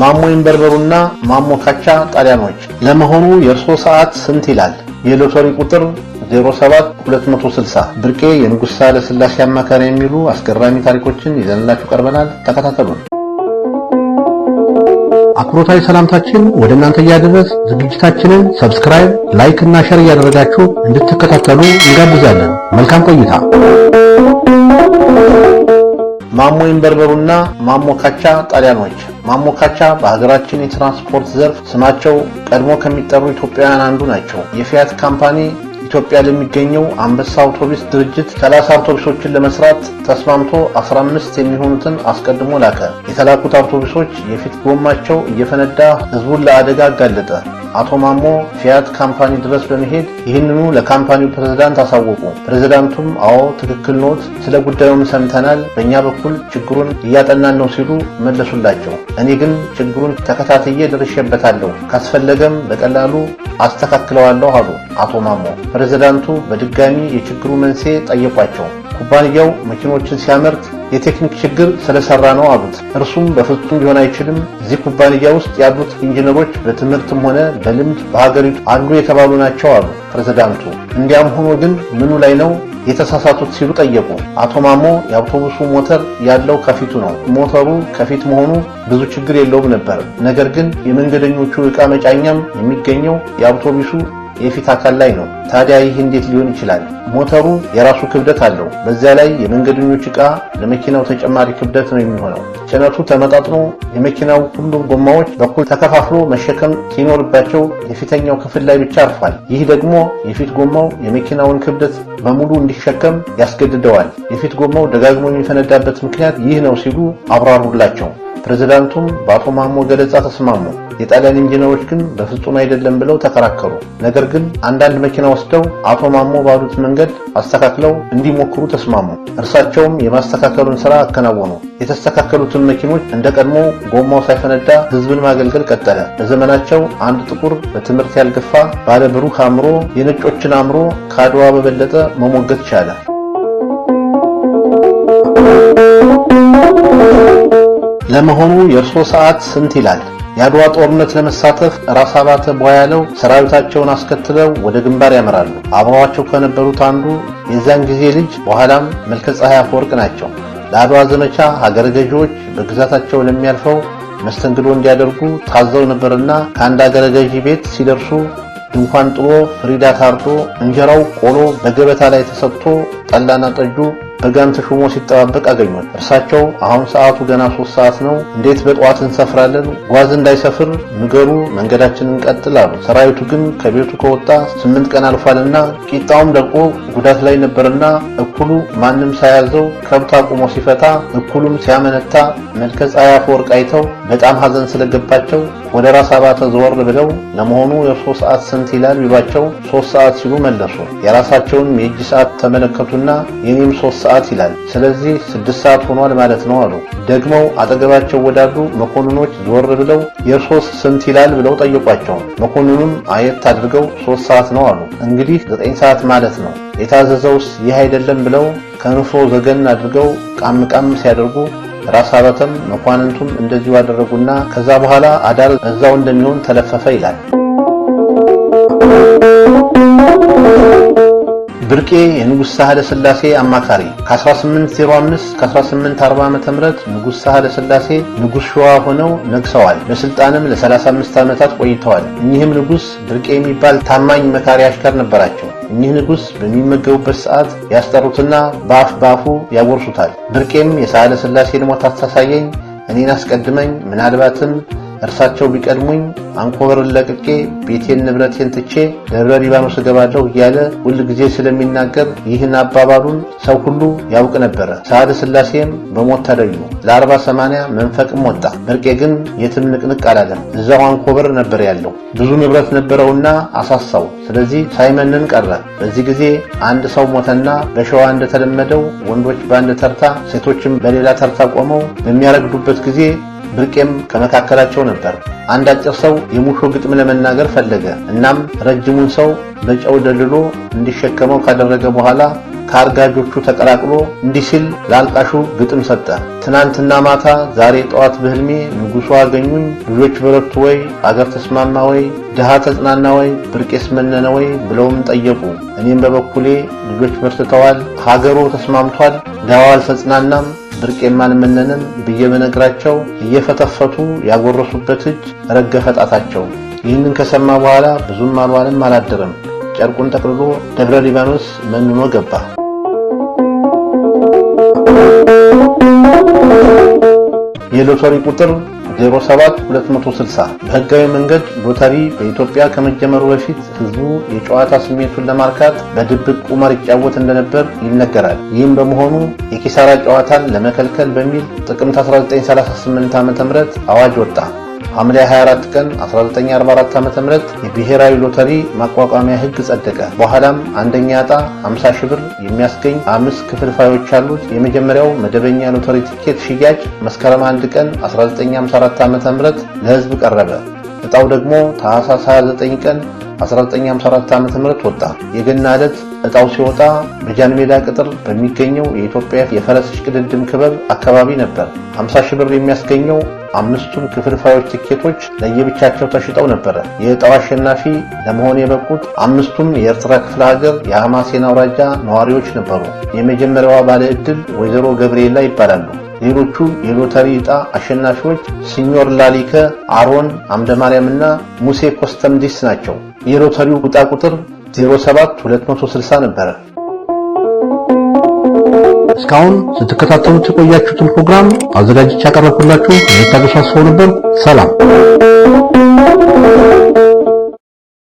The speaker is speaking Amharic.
ማሞ ይንበርበሩና ማሞ ካቻ ጣሊያኖች። ለመሆኑ የእርሶ ሰዓት ስንት ይላል? የሎተሪ ቁጥር 07260 ብርቄ የንጉሥ ሳህለ ሥላሴ አማካሪ የሚሉ አስገራሚ ታሪኮችን ይዘንላችሁ ቀርበናል። ተከታተሉን። አክብሮታዊ ሰላምታችን ወደ እናንተ እያደረስ ዝግጅታችንን ሰብስክራይብ፣ ላይክ እና ሸር እያደረጋችሁ እንድትከታተሉ እንጋብዛለን። መልካም ቆይታ ማሞ ኢንበርበሩና ማሞ ካቻ ጣሊያኖች። ማሞ ካቻ በሀገራችን የትራንስፖርት ዘርፍ ስማቸው ቀድሞ ከሚጠሩ ኢትዮጵያውያን አንዱ ናቸው። የፊያት ካምፓኒ ኢትዮጵያ ለሚገኘው አንበሳ አውቶቡስ ድርጅት 30 አውቶቡሶችን ለመስራት ተስማምቶ 15 የሚሆኑትን አስቀድሞ ላከ። የተላኩት አውቶቡሶች የፊት ጎማቸው እየፈነዳ ህዝቡን ለአደጋ አጋለጠ። አቶ ማሞ ፊያት ካምፓኒ ድረስ በመሄድ ይህንኑ ለካምፓኒው ፕሬዝዳንት አሳወቁ። ፕሬዝዳንቱም አዎ ትክክል ኖት፣ ስለ ጉዳዩም ሰምተናል፣ በእኛ በኩል ችግሩን እያጠናን ነው ሲሉ መለሱላቸው። እኔ ግን ችግሩን ተከታትዬ ደርሼበታለሁ፣ ካስፈለገም በቀላሉ አስተካክለዋለሁ አሉ አቶ ማሞ። ፕሬዝዳንቱ በድጋሚ የችግሩ መንስኤ ጠየቋቸው። ኩባንያው መኪኖችን ሲያመርት የቴክኒክ ችግር ስለሰራ ነው አሉት። እርሱም በፍጹም ሊሆን አይችልም። እዚህ ኩባንያ ውስጥ ያሉት ኢንጂነሮች በትምህርትም ሆነ በልምድ በሀገሪቱ አሉ የተባሉ ናቸው አሉ ፕሬዝዳንቱ። እንዲያም ሆኖ ግን ምኑ ላይ ነው የተሳሳቱት ሲሉ ጠየቁ። አቶ ማሞ የአውቶቡሱ ሞተር ያለው ከፊቱ ነው። ሞተሩ ከፊት መሆኑ ብዙ ችግር የለውም ነበር። ነገር ግን የመንገደኞቹ ዕቃ መጫኛም የሚገኘው የአውቶቡሱ የፊት አካል ላይ ነው። ታዲያ ይህ እንዴት ሊሆን ይችላል? ሞተሩ የራሱ ክብደት አለው። በዚያ ላይ የመንገደኞች ዕቃ ለመኪናው ተጨማሪ ክብደት ነው የሚሆነው። ጭነቱ ተመጣጥኖ የመኪናው ሁሉ ጎማዎች በኩል ተከፋፍሎ መሸከም ሲኖርባቸው የፊተኛው ክፍል ላይ ብቻ አርፏል። ይህ ደግሞ የፊት ጎማው የመኪናውን ክብደት በሙሉ እንዲሸከም ያስገድደዋል። የፊት ጎማው ደጋግሞ የሚፈነዳበት ምክንያት ይህ ነው ሲሉ አብራሩላቸው። ፕሬዝዳንቱም በአቶ ማሞ ገለጻ ተስማሙ። የጣሊያን ኢንጂነሮች ግን በፍጹም አይደለም ብለው ተከራከሩ። ነገር ግን አንዳንድ መኪና ወስደው አቶ ማሞ ባሉት መንገድ አስተካክለው እንዲሞክሩ ተስማሙ። እርሳቸውም የማስተካከሉን ስራ አከናወኑ። የተስተካከሉትን መኪኖች እንደ ቀድሞ ጎማው ሳይፈነዳ ህዝብን ማገልገል ቀጠለ። በዘመናቸው አንድ ጥቁር በትምህርት ያልገፋ ባለ ብሩህ አእምሮ የነጮችን አእምሮ ከአድዋ በበለጠ መሞገት ቻለ። ለመሆኑ የእርሶ ሰዓት ስንት ይላል? የአድዋ ጦርነት ለመሳተፍ ራስ አባተ ቧያለው ሰራዊታቸውን አስከትለው ወደ ግንባር ያመራሉ። አብረዋቸው ከነበሩት አንዱ የዚያን ጊዜ ልጅ በኋላም መልከ ፀሐይ አፈወርቅ ናቸው። ለአድዋ ዘመቻ ሀገረ ገዢዎች በግዛታቸው ለሚያልፈው መስተንግዶ እንዲያደርጉ ታዘው ነበርና ከአንድ ሀገረ ገዢ ቤት ሲደርሱ ድንኳን ጥሎ ፍሪዳ ታርዶ እንጀራው ቆሎ በገበታ ላይ ተሰጥቶ ጠላና ጠጁ በጋን ተሾሞ ሲጠባበቅ አገኟል። እርሳቸው አሁን ሰዓቱ ገና ሶስት ሰዓት ነው፣ እንዴት በጠዋት እንሰፍራለን? ጓዝ እንዳይሰፍር ንገሩ፣ መንገዳችንን እንቀጥል አሉ። ሰራዊቱ ግን ከቤቱ ከወጣ ስምንት ቀን አልፏልና ቂጣውም ደቆ ጉዳት ላይ ነበርና እኩሉ ማንም ሳያዘው ከብት አቁሞ ሲፈታ፣ እኩሉም ሲያመነታ መልከ ፀሐይ አፈወርቅ አይተው በጣም ሐዘን ስለገባቸው ወደ ራስ አባተ ተዘወር ብለው ለመሆኑ የሶስት ሰዓት ስንት ይላል ቢሏቸው ሶስት ሰዓት ሲሉ መለሱ። የራሳቸውንም የእጅ ሰዓት ተመለከቱና የኔም ሶስት ሰዓት ይላል፣ ስለዚህ ስድስት ሰዓት ሆኗል ማለት ነው አሉ። ደግመው አጠገባቸው ወዳሉ መኮንኖች ዘወር ብለው የሶስት ስንት ይላል ብለው ጠየቋቸው። መኮንኑም አየት አድርገው ሶስት ሰዓት ነው አሉ። እንግዲህ ዘጠኝ ሰዓት ማለት ነው የታዘዘውስ ይህ አይደለም ብለው ከንፎ ዘገን አድርገው ቃም ቃም ሲያደርጉ ራስ አበተም መኳንንቱም እንደዚሁ አደረጉና ከዛ በኋላ አዳር እዛው እንደሚሆን ተለፈፈ ይላል። ብርቄ የንጉሥ ሳህለ ሥላሴ አማካሪ ከ1805 እስከ 1840 ዓ.ም ንጉሥ ሳህለ ሥላሴ ንጉሥ ሸዋ ሆነው ነግሰዋል። በሥልጣንም ለ35 ዓመታት ቆይተዋል። እኚህም ንጉሥ ብርቄ የሚባል ታማኝ መካሪ አሽከር ነበራቸው። እኚህ ንጉሥ በሚመገቡበት ሰዓት ያስጠሩትና በአፍ በአፉ ያጎርሱታል። ብርቄም የሳህለ ሥላሴን ሞት አታሳየኝ፣ እኔን አስቀድመኝ፣ ምናልባትም እርሳቸው ቢቀድሙኝ አንኮበርን ለቅቄ ቤቴን ንብረቴን ትቼ ደብረ ሊባኖስ እገባለሁ እያለ ሁል ጊዜ ስለሚናገር ይህን አባባሉን ሰው ሁሉ ያውቅ ነበረ። ሳህለ ሥላሴም በሞት ተለዩ። ለአርባ ሰማንያ መንፈቅም ወጣ። መርቄ ግን የትም ንቅንቅ አላለም። እዛው አንኮበር ነበር ያለው። ብዙ ንብረት ነበረውና አሳሳው። ስለዚህ ሳይመንን ቀረ። በዚህ ጊዜ አንድ ሰው ሞተና በሸዋ እንደተለመደው ወንዶች በአንድ ተርታ፣ ሴቶችም በሌላ ተርታ ቆመው በሚያረግዱበት ጊዜ ብርቄም ከመካከላቸው ነበር። አንድ አጭር ሰው የሙሾ ግጥም ለመናገር ፈለገ። እናም ረጅሙን ሰው በጨው ደልሎ እንዲሸከመው ካደረገ በኋላ ከአርጋጆቹ ተቀላቅሎ እንዲህ ሲል ለአልቃሹ ግጥም ሰጠ። ትናንትና ማታ ዛሬ ጠዋት በህልሜ ንጉሡ አገኙኝ፣ ልጆች በረቱ ወይ፣ አገር ተስማማ ወይ፣ ድሃ ተጽናና ወይ፣ ብርቄስ መነነ ወይ ብለውም ጠየቁ። እኔም በበኩሌ ልጆች በርትተዋል፣ ሀገሩ ተስማምቷል፣ ድሃው አልተጽናናም ድርቅ የማልመነንን ብዬ በነግራቸው እየፈተፈቱ ያጎረሱበት እጅ ረገፈ ጣታቸው። ይህንን ከሰማ በኋላ ብዙም አልዋልም አላደረም። ጨርቁን ጠቅልሎ ደብረ ሊባኖስ መንኖ ገባ። የሎተሪ ቁጥር 07260 በህጋዊ መንገድ ሎተሪ በኢትዮጵያ ከመጀመሩ በፊት ህዝቡ የጨዋታ ስሜቱን ለማርካት በድብቅ ቁማር ይጫወት እንደነበር ይነገራል። ይህም በመሆኑ የኪሳራ ጨዋታን ለመከልከል በሚል ጥቅምት 1938 ዓ.ም አዋጅ ወጣ። ሐምሌ 24 ቀን 1944 ዓ.ም የብሔራዊ ሎተሪ ማቋቋሚያ ሕግ ጸደቀ። በኋላም አንደኛ ዕጣ 50 ሺህ ብር የሚያስገኝ አምስት ክፍልፋዮች አሉት። የመጀመሪያው መደበኛ ሎተሪ ቲኬት ሽያጭ መስከረም 1 ቀን 1954 ዓ.ም ለህዝብ ቀረበ። ዕጣው ደግሞ ታኅሳስ 29 ቀን 1954 ዓ.ም ወጣ። የገና ዕለት ዕጣው ሲወጣ በጃን ሜዳ ቅጥር በሚገኘው የኢትዮጵያ የፈረስ እሽቅድድም ክበብ አካባቢ ነበር። 50 ሺህ ብር የሚያስገኘው አምስቱም ክፍልፋዮች ትኬቶች ለየብቻቸው ተሽጠው ነበረ። የዕጣው አሸናፊ ለመሆን የበቁት አምስቱም የኤርትራ ክፍለ ሀገር የሐማሴን አውራጃ ነዋሪዎች ነበሩ። የመጀመሪያዋ ባለ ዕድል ወይዘሮ ገብርኤላ ይባላሉ። ሌሎቹ የሎተሪ ዕጣ አሸናፊዎች ሲኞር ላሊከ፣ አሮን አምደማርያምና ሙሴ ኮስተምዲስ ናቸው። የሎተሪው ውጣ ቁጥር 07260 ነበረ። እስካሁን ስትከታተሉት የቆያችሁትን ፕሮግራም አዘጋጅቼ ያቀረብኩላችሁ የታገሱ ሰው ነበር። ሰላም